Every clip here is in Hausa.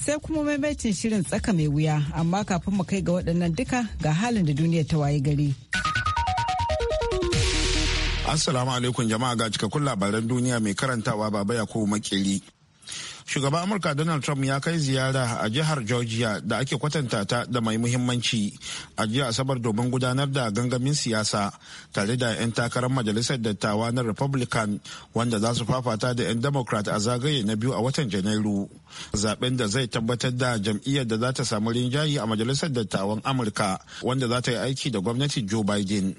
sai kuma maimaitin shirin tsaka mai wuya amma kafin mu kai ga waɗannan duka ga halin da duniyar ta waye gari. Assalamu alaikum jama'a ga cikakkun labaran duniya mai karantawa baba ya ko shugaban amurka donald trump ya kai ziyara a jihar georgia da ake kwatanta ta da mai muhimmanci a jiya asabar domin gudanar da gangamin siyasa tare da 'yan takarar majalisar dattawa na republican wanda za su fafata da 'yan democrat a zagaye na biyu a watan janairu zaben da zai tabbatar da jam'iyyar da za ta samu rinjaye a majalisar dattawan amurka wanda za ta yi aiki da gwamnati joe biden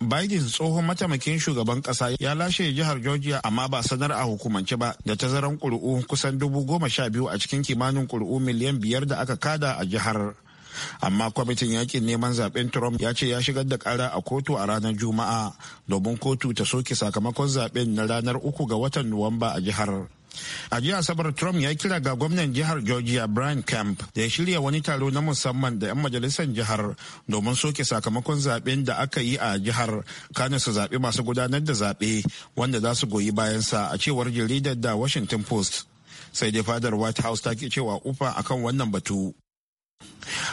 Biden tsohon mataimakin shugaban kasa ya lashe jihar Georgia amma ba sanar a hukumance ba da tazaran ƙuri'u kusan dubu goma sha biyu a cikin kimanin kuri'u miliyan biyar da aka kada a jihar. Amma kwamitin yakin neman zaben Trump ya ce ya shigar da kara a kotu a ranar Juma'a domin kotu ta soke sakamakon zaben na ranar uku ga watan Nuwamba a jihar. a jiya asabar trump ya kira ga gwamnan jihar georgia brian camp da ya shirya wani taro na musamman da 'yan majalisar jihar domin soke sakamakon zaben da aka yi a jihar kane su zaɓe masu gudanar da zaɓe wanda za su goyi bayansa a cewar jaridar da washington post sai dai fadar white house ta ke cewa ufa akan wannan batu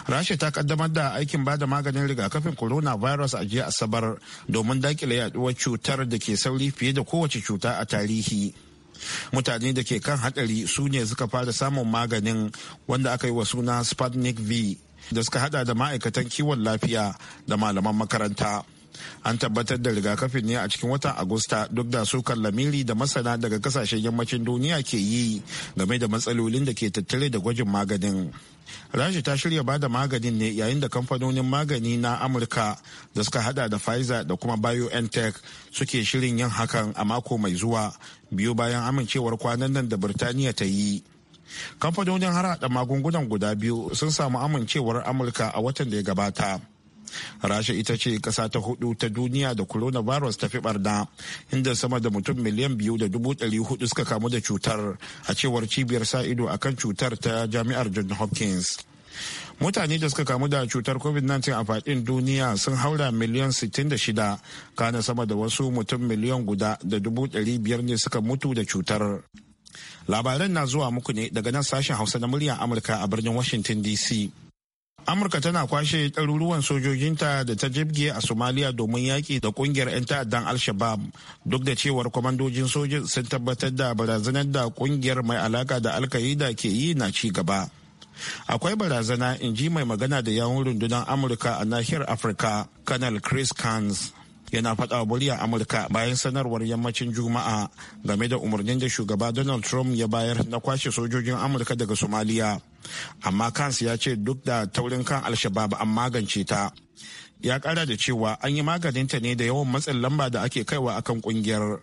rasha ta kaddamar da aikin bada maganin rigakafin coronavirus a jiya asabar domin dakile yaduwar cutar da ke sauri fiye da kowace cuta a tarihi mutane da ke kan hadari su ne suka fara samun maganin wanda aka yi wa suna sputnik v da suka hada da ma'aikatan kiwon lafiya da malaman makaranta an tabbatar da rigakafin ne a cikin watan agusta duk da sukan lamiri da masana daga kasashen yammacin duniya ke yi game da matsalolin da ke tattare da gwajin maganin rashi ta shirya ba da maganin ne yayin da kamfanonin magani na amurka da suka hada da pfizer da kuma biontech suke shirin yin hakan a mako mai zuwa biyu bayan amincewar kwanan nan da birtaniya ta yi kamfanonin harhaɗa magungunan guda biyu sun samu amincewar amurka a watan da ya gabata rasha ita ce kasa ta hudu ta duniya da coronavirus ta fi barna inda sama da mutum miliyan biyu da dubu ɗari hudu suka kamu da cutar a cewar cibiyar sa ido akan cutar ta jami'ar john hopkins mutane da suka kamu da cutar covid-19 a fadin duniya sun haura miliyan 66 kana sama da wasu mutum miliyan guda da dubu biyar ne suka mutu da cutar labaran na zuwa muku ne daga nan sashen hausa na muryar amurka a birnin washington dc amurka tana kwashe ɗaruruwan sojojinta da ta jibge a somaliya domin yaƙi da ƙungiyar 'yan ta'addan al-shabab duk da cewar kwamandojin sojin sun tabbatar da barazanar da ƙungiyar mai alaka da alkaida ke yi na ci gaba akwai barazana in ji mai magana da yawun rundunar amurka a nahiyar afirka kanal chris Kans. yana faɗa a amurka bayan sanarwar yammacin juma'a game da umarnin da shugaba donald trump ya bayar na kwashe sojojin amurka daga somaliya amma kans ya ce duk da taurin kan alshabab an magance ta ya kara da cewa an yi maganinta ne da yawan matsin lamba da ake kaiwa akan kungiyar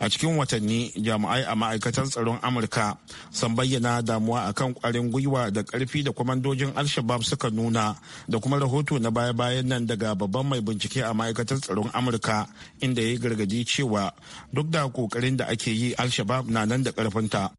a cikin watanni jami'ai a ma'aikatan tsaron amurka sun bayyana damuwa a kan kwarin gwiwa da karfi da kwamandojin alshabab suka nuna da kuma rahoto na baya-bayan nan daga babban mai bincike a ma'aikatar tsaron amurka inda ya yi gargadi cewa duk da kokarin da ake yi alshabab na nan da karfinta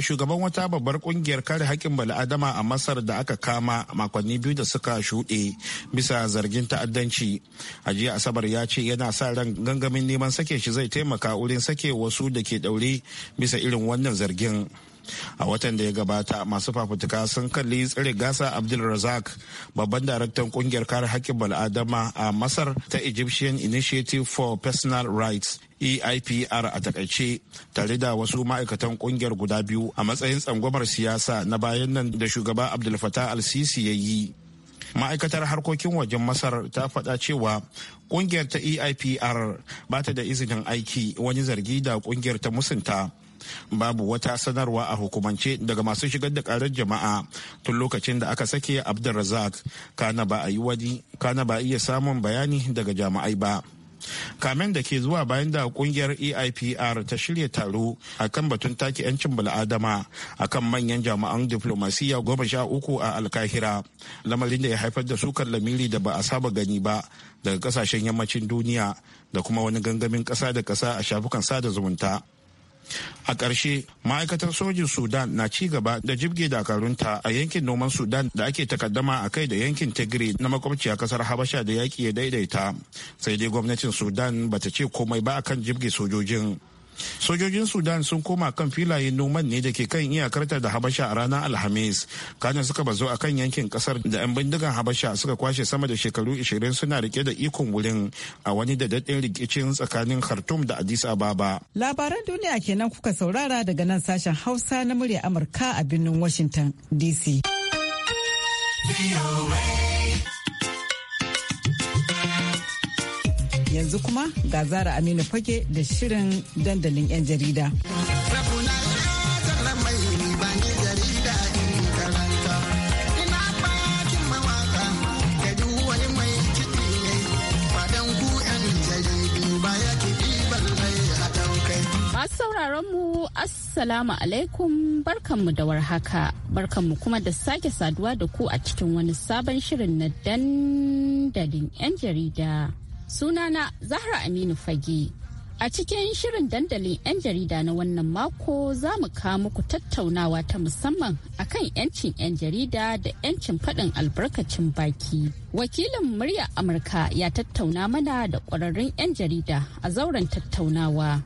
shugaban wata babbar kungiyar kare haƙƙin bala'adama a masar da aka kama makonni biyu da suka shuɗe bisa zargin ta'addanci a jiya asabar ya ce yana sa ran gangamin neman sake shi zai taimaka wurin sake wasu da ke ɗaure bisa irin wannan zargin a watan da ya gabata masu fafutuka sun kalli tsire gasa abdulrazak babban daraktan kungiyar kare haƙƙin bal'adama a masar ta egyptian initiative for personal rights EIPR a takaice tare da wasu ma'aikatan kungiyar guda biyu a matsayin tsangwamar siyasa na bayan nan da shugaba Abdul al-Sisi ya yi. Ma'aikatar harkokin wajen Masar ta faɗa cewa kungiyar ta EIPR ba ta da izinin aiki wani zargi da kungiyar ta musunta babu wata sanarwa a hukumance daga masu shigar da karar jama'a tun lokacin da aka sake abdulrazak kana ba a yi wani kana ba iya samun bayani daga jama'ai ba kamen da ke zuwa bayan da kungiyar eipr ta shirya taro akan batun take 'yancin bala'adama a kan manyan jami'an diflomasiyya goma sha uku a alkahira lamarin da ya haifar da sukar lamiri da ba a saba gani ba daga kasashen yammacin duniya da kuma wani gangamin kasa da kasa a shafukan sada zumunta a ƙarshe ma'aikatar sojin sudan na ci gaba da jibge dakarunta a yankin noman sudan da ake takaddama a kai da yankin tigray na makwabciya kasar habasha da yaƙi ya daidaita sai dai gwamnatin sudan bata ce komai ba akan jibge sojojin sojojin sudan sun koma kan filayen noman ne da ke kan iyakarta da habasha a ranar alhamis kana suka bazo a kan yankin kasar da 'yan bindigan habasha suka kwashe sama da shekaru 20 suna rike da ikon wurin a wani da daɗin rikicin tsakanin khartoum da addis ababa labaran duniya kenan kuka saurara daga nan sashen hausa na murya amurka a birnin washington dc Yanzu kuma ga Zara Aminu Fage da shirin dandalin 'yan jarida. Masu mu Assalamu alaikum barkanmu da warhaka barkanmu kuma da sake saduwa da ku a cikin wani sabon shirin na dandalin 'yan jarida Sunana Zahra Aminu Fage. A cikin shirin dandalin 'yan jarida na wannan mako za mu kawo muku tattaunawa ta musamman akan 'yancin 'yan jarida da 'yancin faɗin albarkacin baki. Wakilin murya Amurka ya tattauna mana da ƙwararrun 'yan jarida a zauren tattaunawa.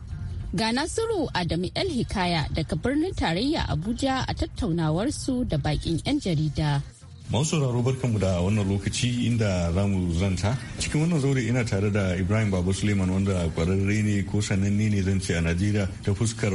Ga Nasiru Adamu El Hikaya daga birnin tarayya Abuja a tattaunawarsu da bakin 'yan jarida. masu sauraro barkanmu da wannan lokaci inda za mu zanta cikin wannan zaure ina tare da ibrahim baba suleiman wanda kwararre ne ko sananne ne zan ce a najeriya ta fuskar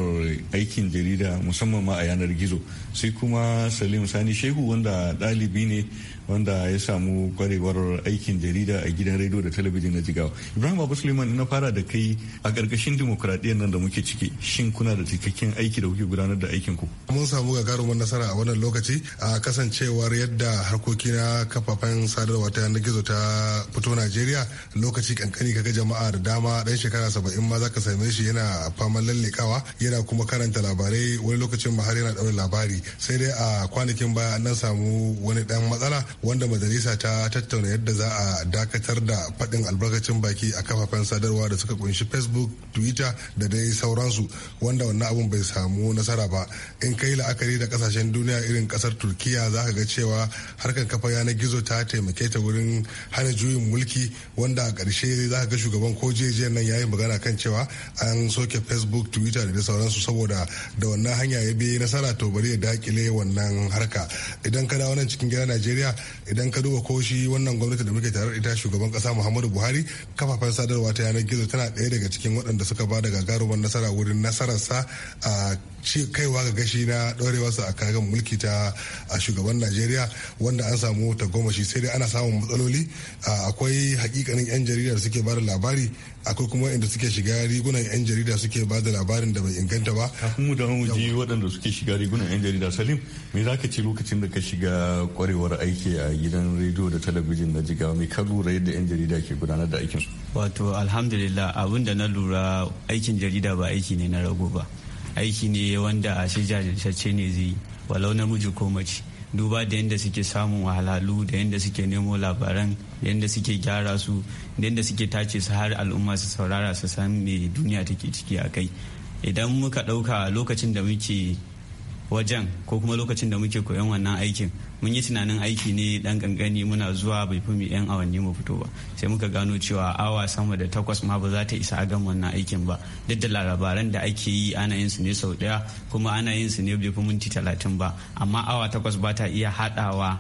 aikin jarida musamman ma a yanar gizo sai kuma salim sani shehu wanda dalibi ne wanda ya samu kwarewar aikin jarida a gidan rediyo da talabijin na jigawa ibrahim abu suleiman na fara da kai a ƙarƙashin dimokuraɗiyyar nan da muke ciki shin kuna da cikakken aiki da kuke gudanar da aikin ku mun samu gagarumin nasara a wannan lokaci a kasancewar yadda harkoki na kafafen sadarwa ta yanar gizo ta fito najeriya lokaci kankani kaga jama'a da dama dan shekara saba'in ma zaka same shi yana faman lallekawa yana kuma karanta labarai wani lokacin ma har yana ɗaure labari sai dai a kwanakin baya an samu wani ɗan matsala wanda majalisa ta tattauna yadda za a dakatar da faɗin albarkacin baki a kafafen sadarwa da suka kunshi facebook twitter da dai sauransu wanda wannan abun bai samu nasara ba in kai la'akari da kasashen duniya irin kasar turkiya za ka ga cewa harkar kafa yanar gizo ta taimake ta wurin hana juyin mulki wanda a ƙarshe za ka ga shugaban ko jejiyar nan yayi magana kan cewa an soke facebook twitter da dai sauransu saboda da wannan hanya ya bi nasara to bari ya dakile wannan harka idan ka dawo nan cikin gida najeriya idan ka duba ko shi wannan gwamnati da muke tare da ita shugaban kasa muhammadu buhari kafafen sadarwa ta yanar gizo tana ɗaya daga cikin waɗanda suka ba da gagarumar nasara wurin nasararsa a ah, ci kaiwa ga gashi na ɗorewarsa a kagan mulki ta a shugaban najeriya wanda an samu tagomashi sai dai ana samun matsaloli akwai hakikanin yan jarida da suke bada labari akwai kuma inda suke shiga rigunan yan jarida suke bada labarin da bai inganta ba kafin mu da mu ji waɗanda suke shiga rigunan yan jarida salim me za ka ce lokacin da ka shiga kwarewar aiki a gidan rediyo da talabijin na jiga mai ka lura yadda yan jarida ke gudanar da aikinsu wato alhamdulillah abin da na lura aikin jarida ba aiki ne na rago ba aiki ne wanda shi jajirce ne zai yi walau namiji ko mace duba da yadda suke samun wahalhalu da yadda suke nemo labaran da yadda suke gyara su da yadda suke tace su har al'umma su saurara su san me duniya take ciki a kai idan muka ɗauka lokacin da muke wajen ko kuma lokacin da muke koyon wannan aikin mun yi tunanin aiki ne dan gangani muna zuwa bai fi mu yan awanni mu fito ba sai muka gano cewa awa sama da takwas ma ba za ta isa a gan wannan aikin ba duk da labaran da ake yi ana yin su ne sau daya kuma ana yin su ne bai fi minti talatin ba amma awa takwas ba ta iya haɗawa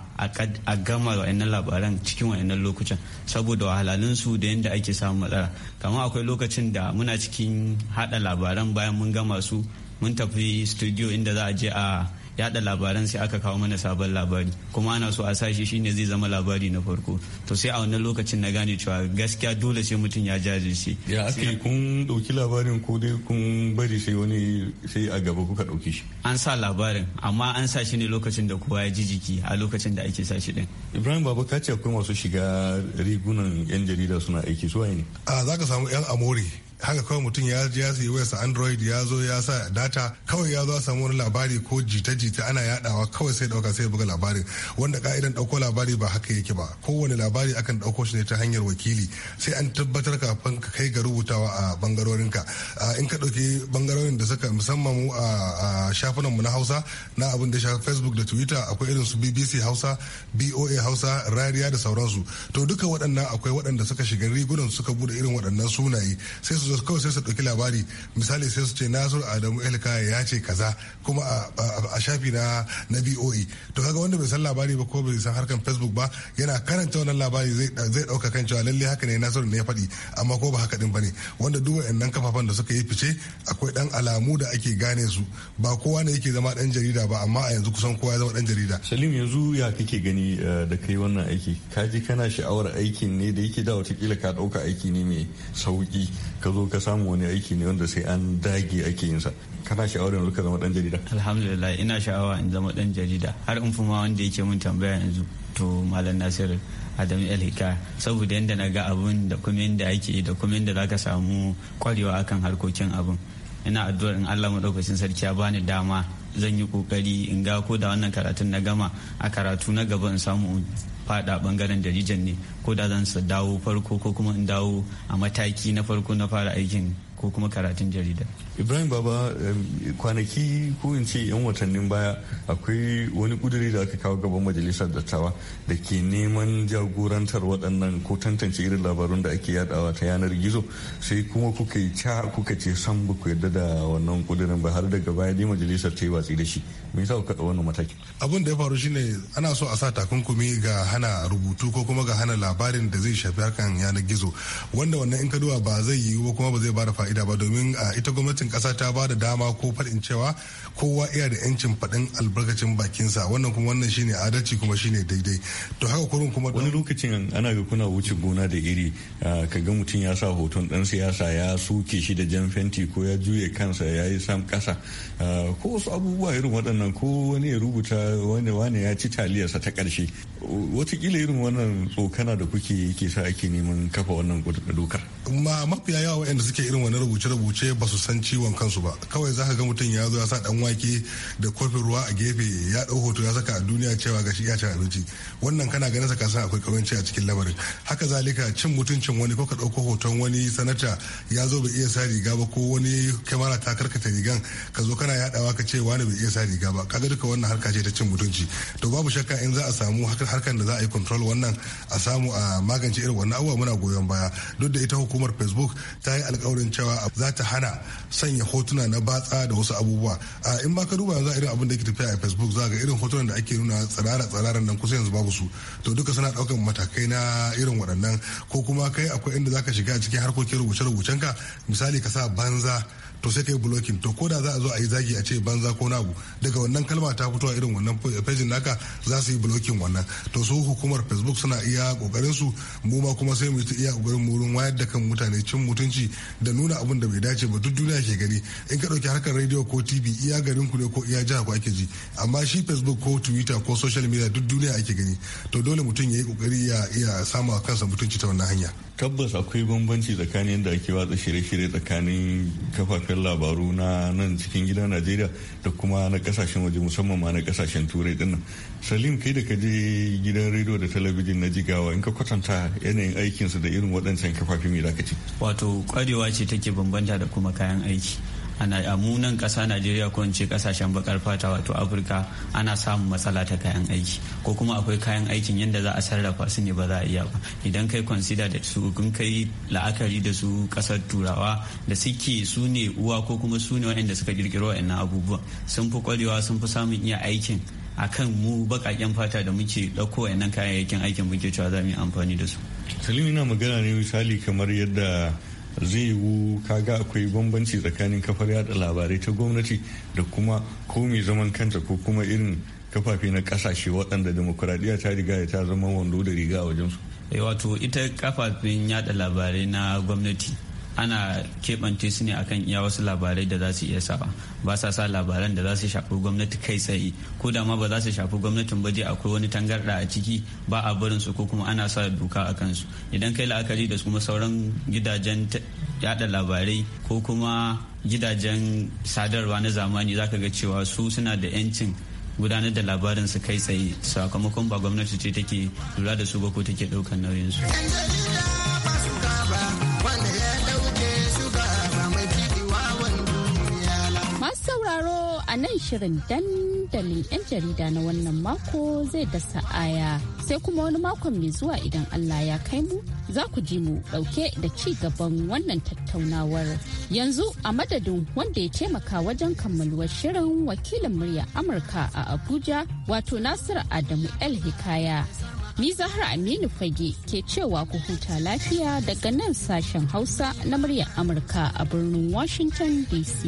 a gama wa'annan labaran cikin wa'annan lokacin saboda wahalalun su da yadda ake samun matsala kamar akwai lokacin da muna cikin haɗa labaran bayan mun gama su mun tafi studio inda za a je a yada labaran sai aka kawo mana sabon labari kuma ana so a sashi shine zai zama labari na farko to sai a wannan lokacin na gane cewa gaskiya dole sai mutum ya jajirce ya ake kun dauki labarin ko dai kun bari sai wani sai a gaba kuka dauki shi an sa labarin amma an sa shi ne lokacin da kowa ya ji jiki a lokacin da ake sashi din ibrahim baba ka ce akwai masu shiga rigunan yan jarida suna aiki su ne a zaka samu yan amore haka kawai mutum ya ya sayi wayarsa android ya zo ya sa data kawai ya zo samu wani labari ko jita-jita ana yadawa kawai sai dauka sai buga labarin wanda ka'idan dauko labari ba haka yake ba kowane labari akan dauko shi ne ta hanyar wakili sai an tabbatar kafin ka kai ga rubutawa a bangarorinka in ka dauki bangarorin da suka musamman mu a shafunan mu na Hausa na abin da shafi Facebook da Twitter akwai irin su BBC Hausa BOA Hausa Rariya da sauransu to duka waɗannan akwai waɗanda suka shiga rigunan suka bude irin waɗannan sunaye sai su su kawai sai su ɗauki labari misali sai su ce nasiru adamu elkaya ya ce kaza kuma a shafi na na boe to kaga wanda bai san labari ba ko bai san harkan facebook ba yana karanta wannan labari zai ɗauka kan cewa lalle haka ne nasiru ne ya faɗi amma ko ba haka din bane wanda duk wa'annan kafafen da suka yi fice akwai ɗan alamu da ake gane su ba kowa ne yake zama ɗan jarida ba amma a yanzu kusan kowa ya zama ɗan jarida. salim yanzu ya kake gani eh, da kai wannan aiki ka ji kana sha'awar aikin ne da yake da watakila ka ɗauka aiki ne mai sauki ka zo zo ka samu wani aiki ne wanda sai an dage ake yin sa kana sha'awar yanzu ka zama dan jarida alhamdulillah ina sha'awa in zama dan jarida har in fuma wanda yake mun tambaya yanzu to malam nasir adamu el saboda yadda na ga abun da kuma yadda ake da kuma yadda za ka samu kwarewa akan harkokin abun ina addu'ar in allah maɗaukacin sarki ya bani dama zan yi kokari in ga ko da wannan karatun na gama a karatu na gaba in samu fada bangaren darijan ne ko da zan su dawo farko ko kuma in dawo a mataki na farko na fara aikin ko kuma karatun jarida ibrahim baba kwanaki ko in ce yan watannin baya akwai wani kuduri da aka kawo gaban majalisar dattawa da ke neman jagorantar waɗannan ko tantance irin labarun da ake yadawa ta yanar gizo sai kuma kuka yi ca kuka ce san ba ku yarda da wannan kudurin ba har daga baya dai majalisar ta yi watsi da shi me yasa kuka wannan mataki abin da ya faru shine ana so a sa takunkumi ga hana rubutu ko kuma ga hana labarin da zai shafi hakan yanar gizo wanda wannan in ka duba ba zai yiwu ba kuma ba zai bada fa'ida fa'ida ba domin ita gwamnatin kasa ta ba da dama ko faɗin cewa kowa iya da yancin faɗin albarkacin bakinsa wannan kuma wannan shine adalci kuma shine daidai to haka kurin kuma wani lokacin ana ga kuna wuce gona da iri ka ga mutum ya sa hoton dan siyasa ya soke shi da jan fenti ko ya juye kansa ya yi sam kasa ko wasu abubuwa irin waɗannan ko wani ya rubuta wani wani ya ci taliyarsa ta ƙarshe wataƙila irin wannan tsokana da kuke yake sa ake neman kafa wannan dokar. ma mafiya yawa waɗanda suke irin wannan rubuce-rubuce ba su san ciwon kansu ba kawai za ka ga mutum ya zo ya sa dan wake da kofin ruwa a gefe ya dau hoto ya saka a duniya cewa ga shi ya ci abinci wannan kana ganin sa kasan akwai kawanci a cikin lamarin haka zalika cin mutuncin wani ko ka dauko hoton wani sanata ya zo bai iya sa riga ba ko wani kamera ta karkata rigan ka zo kana yadawa ka ce wani bai iya sa riga ba kaga duka wannan harka ce ta cin mutunci to babu shakka in za a samu harkar da za a yi control wannan a samu a magance irin wannan abubuwa muna goyon baya duk da ita hukumar facebook ta yi alkawarin cewa cewa za ta hana sanya hotuna na batsa da wasu abubuwa a in ba ka duba yanzu irin abin da ke tafiya a facebook za ga irin hotunan da ake nuna tsirara tsiraran nan kusa yanzu babu su to duka suna daukan matakai na irin waɗannan ko kuma kai akwai inda za ka shiga cikin harkokin rubuce-rubucen ka misali ka sa banza to sai yi blocking to ko da za a zo a yi zagi a ce banza ko na abu daga wannan kalma ta fito a irin wannan page naka za su yi blocking wannan to su hukumar facebook suna iya kokarin su mu ma kuma sai mu yi iya kokarin mu wurin wayar da kan mutane cin mutunci da nuna abin da bai dace ba duk duniya ke gani in ka dauki harkar radio ko tv iya garin ku ne ko iya jiha ku ake ji amma shi facebook ko twitter ko social media duk duniya ake gani to dole mutum ya yi kokari ya iya samu kansa mutunci ta wannan hanya tabbas akwai bambanci tsakanin da ake watsa shirye-shirye tsakanin kafafen kafafen labaru na nan cikin gida najeriya da kuma na kasashen waje musamman ma na kasashen turai din nan salim kai da ka je gidan rediyo da talabijin na jigawa in ka kwatanta yanayin aikinsu da irin waɗancan kafafen mai za ce wato kwarewa ce take bambanta da kuma kayan aiki a amunan kasa najeriya ko ce kasashen bakar fata wato afirka ana samun matsala ta kayan aiki ko kuma akwai kayan aikin yadda za a sarrafa su ne ba za a iya ba idan kai consider da su kun kai la'akari da su kasar turawa da suke su ne uwa ko kuma su ne wa'anda suka kirkiro wa'annan abubuwa sun fi kwarewa sun fi samun iya aikin a kan mu baƙaƙen fata da muke ɗauko wa'annan kayayyakin aikin muke cewa za mu yi amfani da su. salim ina magana ne misali kamar yadda zai yiwu kaga akwai bambanci tsakanin kafar yada labarai ta gwamnati da kuma ko mai zaman kanta ko kuma irin kafafe na kasashe waɗanda demokuraɗiyya ta riga ta zama wando da riga a wajensu. Eh, wato ita kafafen yada labarai na gwamnati ana keɓance su ne akan iya wasu labarai da za su iya sa ba sa sa labaran da za su shafi gwamnati kai tsaye ko da ma ba za su shafi gwamnatin ba je akwai wani tangarɗa a ciki ba a barin su ko kuma ana sa doka a kansu idan kai la'akari da kuma sauran gidajen yada labarai ko kuma gidajen sadarwa na zamani zaka ga cewa su suna da 'yancin gudanar da labarin su kai tsaye sakamakon ba gwamnati ce take lura da su ba ko take ɗaukar nauyinsu. wanda ya sauraro a nan shirin dandalin 'yan jarida na wannan mako zai dasa aya sai kuma wani makon mai zuwa idan Allah ya kai mu za ku ji mu dauke da ci gaban wannan tattaunawar yanzu a madadin wanda ya taimaka wajen kammaluwar shirin wakilin murya amurka a abuja wato nasir adamu el hikaya Ni Zahra Aminu Fage ke cewa ku huta lafiya daga nan sashen Hausa na muryar Amurka a birnin Washington DC.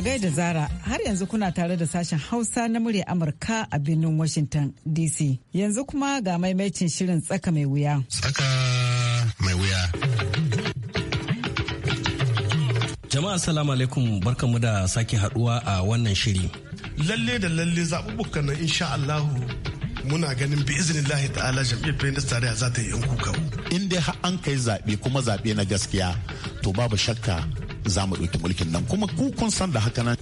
a gaida zara har yanzu kuna tare da sashen hausa na murya amurka a birnin washington dc yanzu kuma ga maimaicin shirin tsaka mai wuya tsaka mai wuya jama'a salamu alaikum barkanmu da sake haduwa a wannan shiri lalle da lalle zaɓuɓɓukan nan insha allahu muna ganin bi lahi ta'ala jam'iyyar pendas tarayya za ta yi yan kuka in dai har an kai zaɓe kuma zaɓe na gaskiya to babu shakka za mu ɗauki mulkin nan kuma ku kun san da haka nan.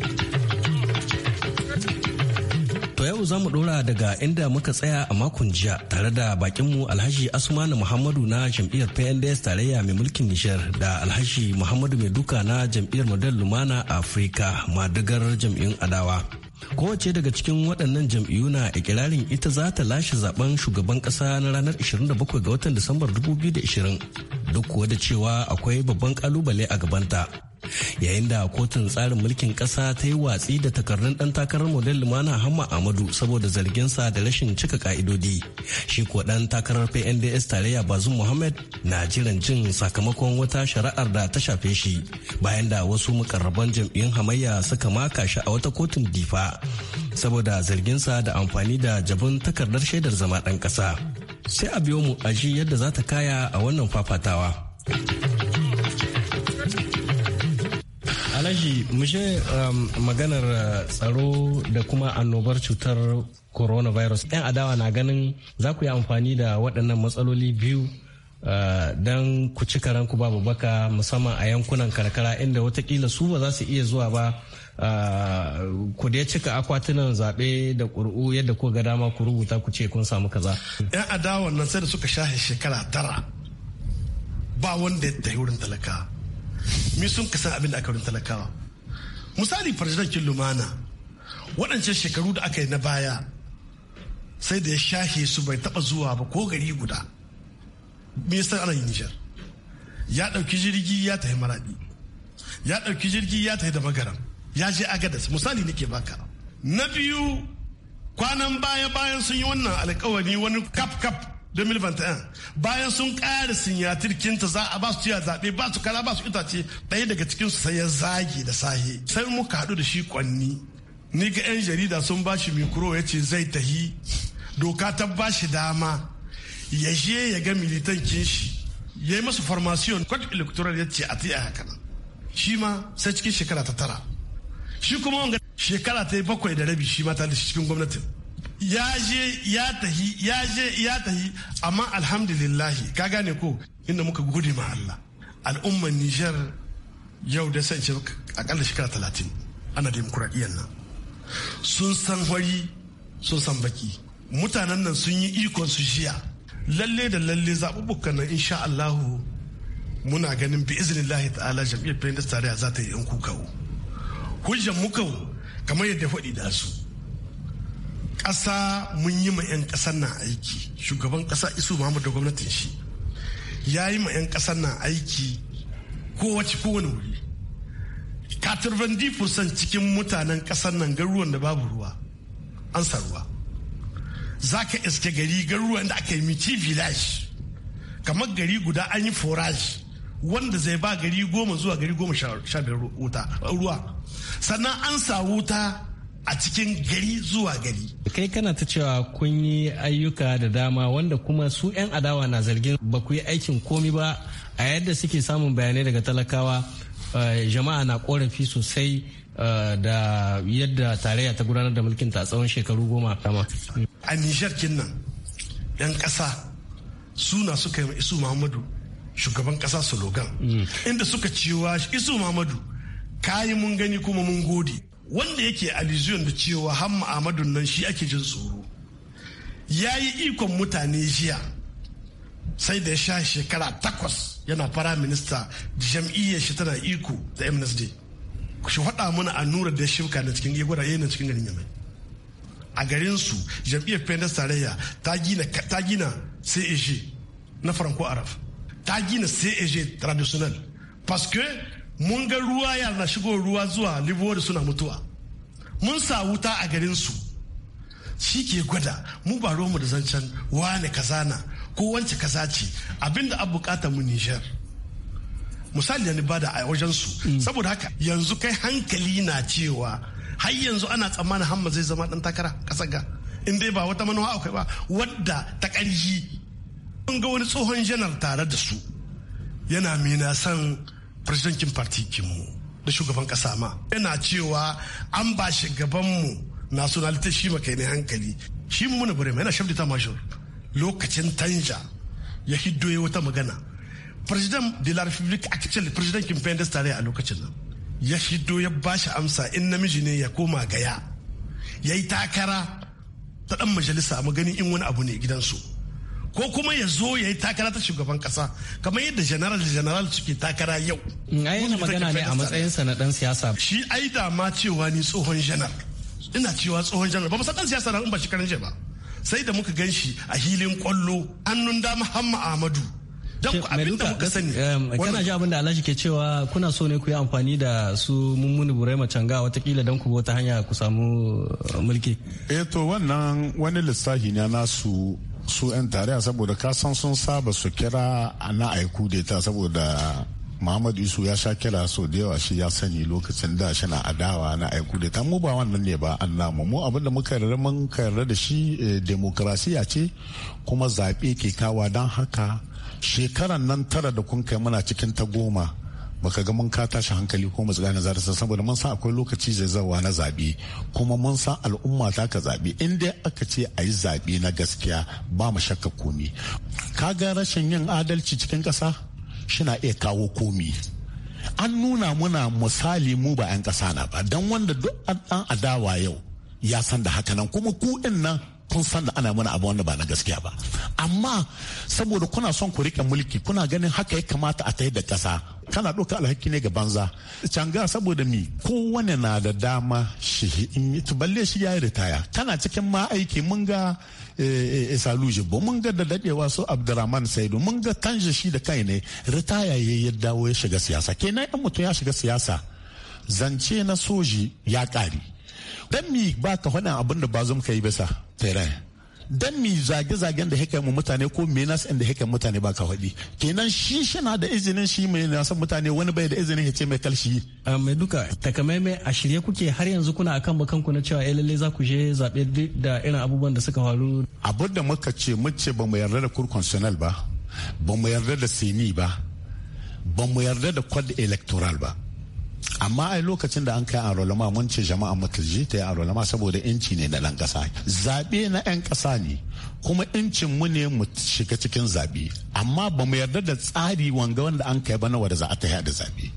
To yau za mu ɗora daga inda muka tsaya a makon jiya tare da bakinmu Alhaji Asmanu Muhammadu na jam'iyyar PNDS tarayya mai mulkin Nijar da Alhaji Muhammadu duka na jam'iyyar Model Lumana Afirka madagar jam'iyyun adawa. kowace daga cikin waɗannan jam'iyyu na ikirarin ita za ta lashe zaben shugaban ƙasa na ranar 27 ga watan disambar 2020 duk kuwa da cewa akwai babban ƙalubale a gabanta yayin da kotun tsarin mulkin ƙasa ta yi watsi da takardun ɗan takarar model lumana hamma amadu saboda zarginsa da rashin cika ka'idodi shi ko dan takarar pnds tarayya bazum muhammad na jiran jin sakamakon wata shari'ar da ta shafe shi bayan da wasu mukarraban jam'iyyun hamayya suka maka shi a wata kotun difa saboda zarginsa da amfani da jabin takardar shaidar zama ɗan ƙasa sai a biyo mu aji yadda za ta kaya a wannan fafatawa. alhaji muje um, maganar uh, tsaro da kuma annobar cutar coronavirus yan adawa na ganin za ku yi amfani da waɗannan matsaloli biyu uh, don ku ci karanku babu baka musamman a yankunan karkara inda watakila su ba za su iya zuwa ba uh, ku dai cika akwatunan zaɓe da ƙuri'u yadda ku ga dama ku rubuta ku ce kun samu kaza. 'Yan adawa nan sai da suka shahe shekara tara ba wanda ya tafi wurin talaka. mi sun kasan abin da aka wurin talakawa misali farjinakin lumana waɗancan shekaru da aka yi na baya sai da ya shahe su bai taɓa zuwa ba ko gari guda ministan ana nijar ya ɗauki jirgi ya tafi maraɗi ya ɗauki jirgi ya tafi da magaram ya je agadas misali nake baka na biyu kwanan baya bayan sun yi wannan alkawari wani kap kap 2021 bayan sun ƙara kinta za a ba su ciya zaɓe ba su kala ba su itace ɗaya daga cikin su sai ya zage da sahi. sai muka haɗu da shi kwanni ni ga 'yan jarida sun ba shi mikro ya ce zai tahi doka ta ba shi dama ya je ya ga militan kinshi ya yi masu formation court electoral ya ce a ta yi haka shi ma sai cikin shekara ta tara shi kuma wanga shekara ta yi bakwai da rabi shi ma ta da cikin gwamnatin ya je ya tahi ya je ya tahi amma alhamdulillahi ka gane ko inda muka gode ma Allah al'ummar Nijar yau da a akalla shekara talatin ana demokuraɗiyyar nan sun san hori sun san baki mutanen nan sun yi ikon su jiya lalle da lalle zaɓuɓɓukan nan insha Allahu muna ganin bi iznillahi ta'ala jam'iyyar da tarayya za ta yi yan kukawo hujjan mukau kamar yadda faɗi da su ƙasa mun yi ma 'yan kasar na aiki shugaban kasa isu mamu da gwamnatin shi ya yi ma 'yan ƙasan na aiki kowace kowane wuri katarvandi fursan cikin mutanen ƙasan nan garuruwan da babu ruwa an sa ruwa za ka iske gari garuruwan da aka yi mici village kamar gari guda an yi forage wanda zai ba gari goma zuwa gari goma sha biyar ruwa sannan an sa wuta a cikin gari zuwa gari. Kai kana ta cewa kun yi ayyuka da dama wanda kuma su 'yan adawa na zargin ba ku yi aikin komi ba a yadda suke samun bayanai daga talakawa eh, jama'a na korafi sosai eh, da yadda tarayya ta gudanar da mulkin ta tsawon shekaru goma kama. A Nijar nan ɗan ƙasa suna suka yi Isu Muhammadu shugaban ƙasa mm. inda suka cewa Isu Muhammadu kayi mun gani kuma mun gode. wanda yake allusion da cewa har ma'amadu nan shi ake jin tsoro ya yi ikon mutane jiya sai da ya sha shekara takwas yana fara minista jam'iyyar shi tana iko da msd shi faɗa mana a nura da ya shirka na cikin gwada yana cikin garin yamai a garin su jam'iyyar pendas tarayya ta gina cag na franco arab ta gina cag traditional parce que mun ga ruwa ya shigo ruwa zuwa da suna mutuwa mun sa wuta a garin su shi ke gwada mu ba mu da zancen wane kazana ko wance kaza ce abinda an bukata mu nijar misali da ni bada a wajen su mm. saboda haka yanzu kai hankali na cewa har yanzu ana tsammanin hamma zai zama dan takara kasar ga in dai ba wata manuwa akwai ba wadda ta ƙarfi. Mun ga wani tsohon janar tare da su yana mina san presidentkin party kinmu da shugaban kasa ma yana cewa an ba shugabanmu nationality shi makai ne hankali shi muna burema yana ta major lokacin tanja ya hiddoye wata magana president de la republique actual president kimfen da tare a lokacin nan ya hiddo ya ba shi amsa in namiji ne ya koma gaya ya yi takara ta dan majalisa magani in wani abu ne gidansu ko kuma ya zo ya yi takara ta shugaban kasa kamar yadda general general suke takara yau ai yana magana ne a matsayin sa na dan siyasa shi ai da ma cewa ni tsohon janar. ina cewa tsohon janar ba mu san dan siyasa na in ba shi karan ba sai da muka gan shi a hilin kwallo hannun dama hamma ahmadu don abin muka sani kana ji abin da alhaji ke cewa kuna so ne ku yi amfani da su mummuni burai macanga watakila don ku wata hanya ku samu eh, mulki eh to wannan wani lissafi ne na su. su 'yan tarayya saboda kasan sun saba su kira na aiku da ta saboda Muhammad Isu ya sha kira so da yawa shi ya sani lokacin da shi na adawa na aiku da ta mu ba wannan ne ba an namu mu abin da muka yarda mun yarda da shi eh, demokrasiya ce kuma zaɓe ke kawa don haka shekaran nan tara da kun kai muna cikin ta goma baka ga mun ka tashi hankali ko musu gane zarasa saboda mun san akwai lokaci zai zawa na zaɓe kuma mun san al'umma ta ka zabi in dai aka ce a yi zaɓe na gaskiya ba mu shakka komi ka ga rashin yin adalci cikin ƙasa shina iya kawo komi an nuna muna misali mu ba 'yan ƙasa na ba don wanda duk an adawa yau ya san da haka nan kuma ku nan kun san da ana mana abu wanda ba na gaskiya ba amma saboda kuna son ku rike mulki kuna ganin haka ya kamata a tayi da kasa kana ɗauka alhaki ne ga banza canga saboda mi kowane na da dama shi in balle shi ya yi ritaya tana cikin ma aiki mun ga eh, eh, isa lujibo mun ga da dadewa su abdurrahman saidu mun ga tanja shi da kai ne ritaya ya yi dawo ya shiga siyasa kenan yan mutum ya shiga siyasa zance na soji ya ƙare dan mi ba ka faɗin abin da ba zan ka yi bisa tere dan mi zage-zagen da haka mu mutane ko menas da haka mutane ba ka kenan shi shana da izinin shi mai nasan mutane wani bai da izinin ya ce mai kalshi ah, mai duka takamaimai a shirye kuke har yanzu kuna akan kanku na cewa eh, lalle za ku je zabe da irin abubuwan da suka faru abin da muka ce ce ba mu yarda da cour ba ba mu yarda da sini ba ba mu yarda da kwad electoral ba amma a lokacin da an kai arolama mun ce jama'a mutarji ta yi arolama saboda inci ne na ɗan ƙasa zaɓe na 'yan ƙasa ne kuma incin mu ne mu shiga cikin zaɓe amma ba mu yarda da tsari wanga wanda an kai ba na wanda za a ta da zaɓe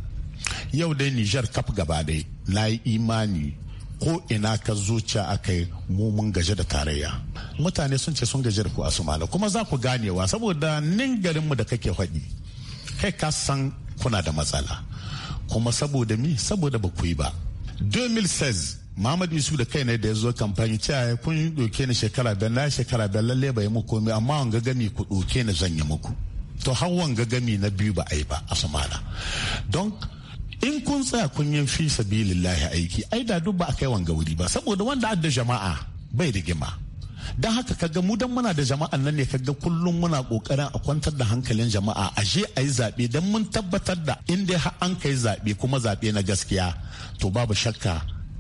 yau dai nijar kaf gaba dai na yi imani ko ina ka zuciya akai mu mun gaje da tarayya mutane sun ce sun gaje da ku asumana kuma za ku ganewa saboda nin mu da kake faɗi kai ka san kuna da matsala kuma saboda mi saboda ba ku yi ba 2016 Muhammadu Yusuf da kai ne da ya zo kamfani cewa kun doke ni shekara biyar na shekara biyar lalle bai mu komai amma wanga gami ku doke ni zan yi muku to har wanga gami na biyu ba a yi ba a samana don in kun tsaya kun yi fi sabilillahi aiki ai da duk ba a kai wanga wuri ba saboda wanda adda jama'a bai rigima don haka kaga mu dan muna da jama'a nan ne kaga kullum muna kokarin a kwantar da hankalin jama'a a je a yi zaɓe don mun tabbatar da inda har an kai zaɓe kuma zaɓe na gaskiya to babu shakka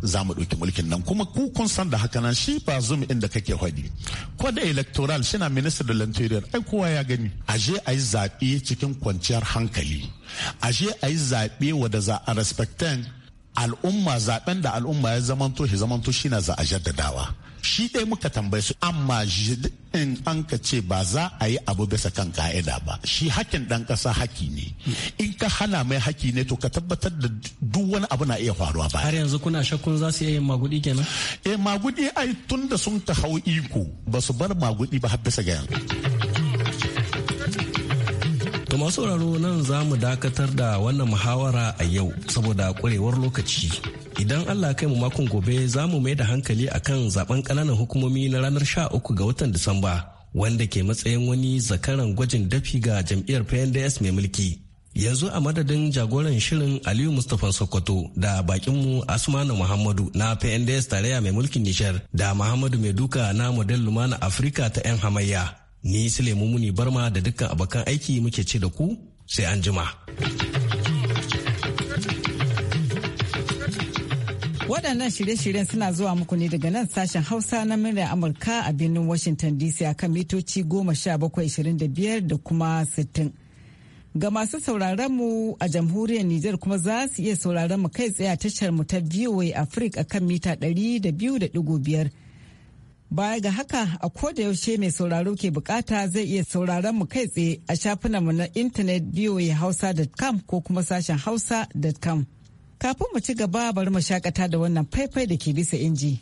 za mu ɗauki mulkin nan kuma ku kun san da haka nan shi ba zumi inda kake hadi ko da electoral shi na minister da interior ai kowa ya gani a je a yi zaɓe cikin kwanciyar hankali a je a yi zaɓe wada za a respectin al'umma zaben da al'umma ya zamanto shi zamanto shi na za a jaddadawa shi ɗaya muka tambaye su amma in an ka ce ba za a yi abu bisa kan ka'ida ba shi hakin ɗan kasa haki ne in ka hana mai haki ne to ka tabbatar da duk wani abu na iya faruwa ba har yanzu kuna shakkun za su iya yin magudi kenan eh magudi ai tunda da sun ka hau iko ba su bar magudi ba har bisa ga yanzu To masu sauraro nan za mu dakatar da wannan muhawara a yau saboda kurewar lokaci. Idan Allah kai mu makon gobe za mu mai da hankali a kan zaben ƙananan hukumomi na ranar sha uku ga watan Disamba wanda ke matsayin wani zakaran gwajin dafi ga jam'iyyar PNDS mai mulki. Yanzu a madadin jagoran shirin Aliyu Mustapha Sokoto da bakinmu Asmanu Muhammadu na PNDS tarayya mai mulkin Nijar da Muhammadu Maiduka na Model Lumana Afirka ta 'yan hamayya. Ni Sulaimu Muni Barma da dukkan abokan aiki muke ce da ku sai an jima. Waɗannan shirye-shiryen suna zuwa muku ne daga nan sashen Hausa na murya Amurka a birnin Washington DC a kan mitoci 1725 da kuma 60. Ga masu sauraron mu a jamhuriyar Nijar kuma za su iya sauraron mu kai tsaye a tashar mu ta VOA Africa a kan mita 200.5. Baya ga haka a koda yaushe mai sauraro ke bukata zai iya sauraron mu kai tsaye a mu na intanet hausa.com ko kuma sashen hausa.com. Kafin mu ci gaba bari mu shakata da wannan faifai da ke bisa inji.